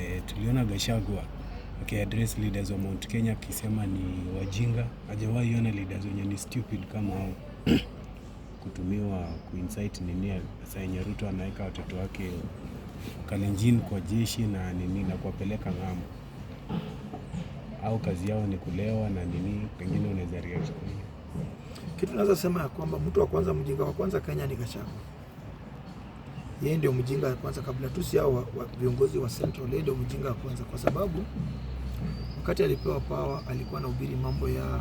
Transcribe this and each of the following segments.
E, tuliona gashagwa akiaddress leaders wa Mount Kenya akisema ni wajinga, hajawahi ona leaders wenye ni stupid kama hao kutumiwa kuinsight nini yenye Ruto anaweka watoto wake Kalenjin kwa jeshi na nini na kuwapeleka ng'ambo, au kazi yao ni kulewa na nini, pengine unaweza react. Kitu naweza sema ya kwamba mtu wa kwanza, mjinga wa kwanza Kenya ni Gachagua yeye ndio mjinga wa kwanza kabla tu si hao viongozi wa Central, yeye ndio mjinga wa kwanza kwa sababu wakati alipewa power alikuwa anahubiri mambo ya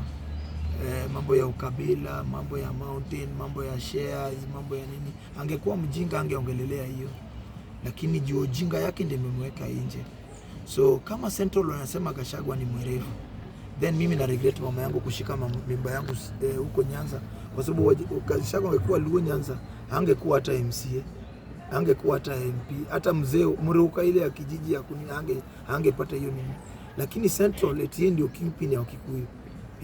eh, mambo ya ukabila, mambo ya mountain, mambo ya shares, mambo ya nini. Angekuwa mjinga angeongelelea hiyo, lakini juu ujinga yake ndio imemweka nje. So kama Central wanasema Gachagua ni mwerevu, then mimi na regret mama yangu kushika mimba yangu eh, huko eh, Nyanza kwa sababu Gachagua angekuwa Luo Nyanza angekuwa hata MCA angekuwa hata MP hata mzee mruka ile ya kijiji ya kuni ange angepata hiyo nini, lakini Central eti yeye ndio kingpin ya Wakikuyu,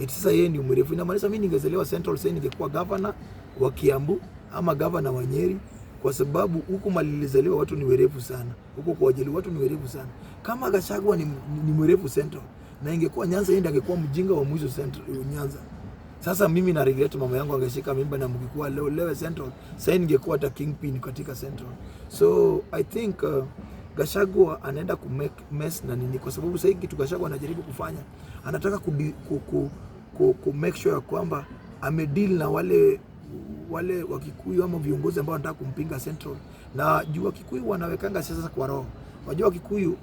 eti sasa yeye ndio mrefu. Inamaanisha mimi ningezaliwa Central sasa ningekuwa governor wa Kiambu ama governor wa Nyeri, kwa sababu huko malilizaliwa watu ni werevu sana, huko kwa ajili watu ni werevu sana. Kama Gachagua ni, ni ni mrefu Central, na ingekuwa Nyanza yeye angekuwa mjinga wa mwisho Central Nyanza. Sasa mimi na regret mama yangu angeshika mimba na mngekuwa leo leo Central, sasa ningekuwa hata kingpin katika Central. So I think uh, Gachagua anaenda ku make mess na nini, kwa sababu sasa hiki kitu Gachagua anajaribu kufanya, anataka ku, ku, ku, ku, ku make sure ya kwamba deal na wale wale wa Kikuyu ama viongozi ambao wanataka kumpinga Central. Na jua wa Kikuyu wanawekanga siasa kwa roho. Wajua wa Kikuyu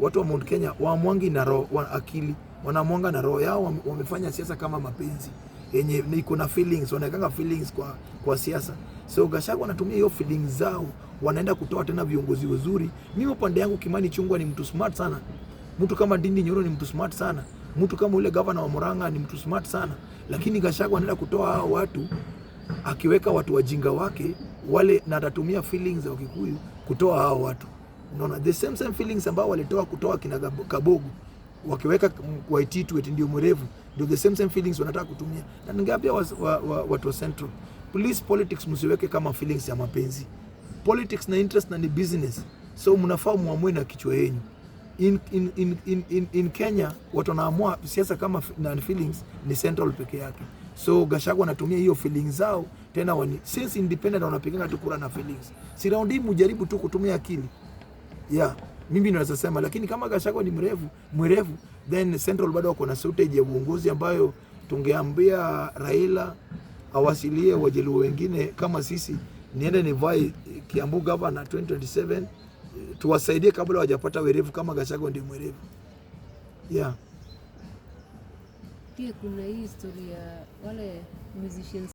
watu wa Mount Kenya waamwangi na roho, wa akili, wanamwanga na roho yao, wamefanya siasa kama mapenzi yenye iko na feelings, wanaekanga feelings kwa, kwa siasa. So Gachagua wanatumia hiyo feelings zao, wanaenda kutoa tena viongozi wazuri. Mimi upande yangu Kimani Chungwa ni mtu smart sana, mtu kama Ndindi Nyoro ni mtu smart sana, mtu kama ule gavana wa Murang'a ni mtu smart sana, lakini Gachagua anaenda kutoa hao watu, akiweka watu wajinga wake wale, na atatumia feelings za Wakikuyu kutoa hao watu. Unaona the same same feelings ambao walitoa kutoa kina Kabogo wakiweka Waititu eti ndio mrefu ndio the same same feelings wanataka kutumia, na ningeambia watu wa Central, please politics msiweke kama feelings ya mapenzi. Politics na interest na ni business, so mnafaa muamue na kichwa yenu. In, in, in, in, in, in Kenya watu wanaamua siasa kama na feelings ni Central peke yake. So Gachagua wanatumia hiyo feelings zao tena wani, since independent wanapigana tu kura na feelings. Si raundi mujaribu tu kutumia akili yeah mimi naweza sema, lakini kama Gachagua ni mrefu mrefu, then Central bado wako na shortage ya uongozi ambayo tungeambia Raila awasilie wajaluo wengine kama sisi, niende nivae Kiambu Gavana 2027 tuwasaidie kabla wajapata werevu kama Gachagua ndio mwerevu yeah. Pia kuna hii historia wale musicians